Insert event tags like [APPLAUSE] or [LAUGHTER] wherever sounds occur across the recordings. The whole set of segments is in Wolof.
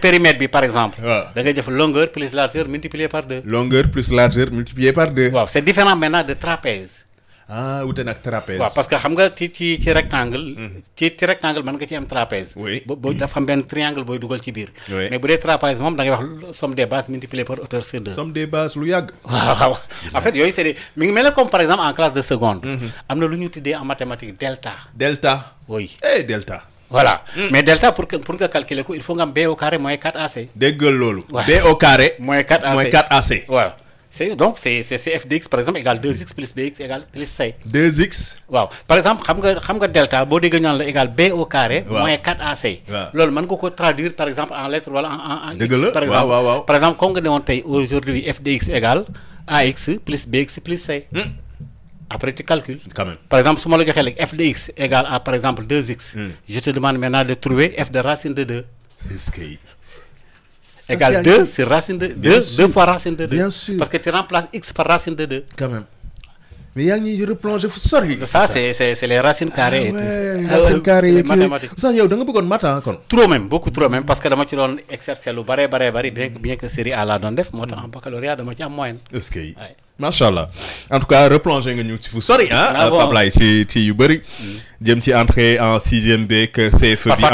périmètre bi par exemple. waaw da ngay def longueur plus largeur multiplié par deux. longueur plus largeur multiplié par deux. waaw c'est différent maintenant de trapèze. Ah, parce que xam nga ci ci ci rectangle. Hmm. ci ci rectangle mën nga ci am trapèze. oui boo dafa am benn triangle booy dugal ci biir. mais bu dee trapèze moom da wax somme des bases multiplié par hauteur C2. somme des bases lu yàgg. [LAUGHS] waaw en fait yooyu c'est des mi ngi mel ne comme par exemple en classe de seconde. Hmm. am na lu ñu tuddee en mathématique delta. delta. oui eh voilà mm. mais delta pour que pour nga calculer ko il faut nga am moins 4ac. déggal loolu. waaw [LAUGHS] moins 4ac waaw c'est donc c'est c'est par exemple égale 2x plus bx égale plus c. waaw par exemple xam nga xam delta boo déggee ñu naan la égale b au carré. moins 4ac. loolu mën nga ko traduire par exemple en lettre wala en en. dëgg par exemple comme nga ne woon tey aujourd'hui f dx ax plus bx plus c. Hmm. après tu calcules. Quand même. Par exemple, si je f de x égale par exemple 2x, mm. je te demande maintenant trouver f de racine de 2. Parce que tu remplaces x par racine de 2. Mais il y a une replongée, sorry. Ça, c'est les racines ah carrées. Ah ouais, racines carrées. C'est danga bëggoon maths encore. Trop même, beaucoup trop même, parce que dama ci doon exercer lu bare bare bare bien que série A laa doon def, moo tax en baccalauréat dama ci am moyenne. est macha allah en tout cas replongé nga ñu ci fu sori ah. Pape Laye ci yu bëri. Mm. jëm ci entrée en sixième beeg CFE bi.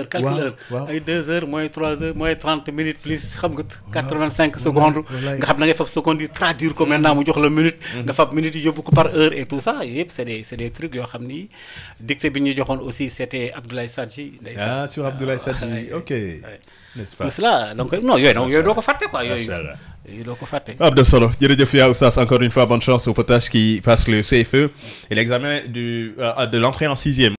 encore ay deux heures moins trois heures moins trente minutes plus xam nga. xam da ngay fab seconde yi traduire ko maintenant mu jox la minute. Mm-hmm. nga fab minute yóbbu ko par heure et tout ça yëpp c' est des yoo xam ni dictée bi ñu joxoon aussi c' était Abdoulaye Sadji. ah sur Abdoulaye ah, Sadji ok. n' est doo ko fàtte quoi yooyu. inchallah doo ko fàtte am na solo jërëjëf yaa oustaz encore une fois bonne chance aux potaches qui passent le CFE et l'examen euh, de l'entrée en sixième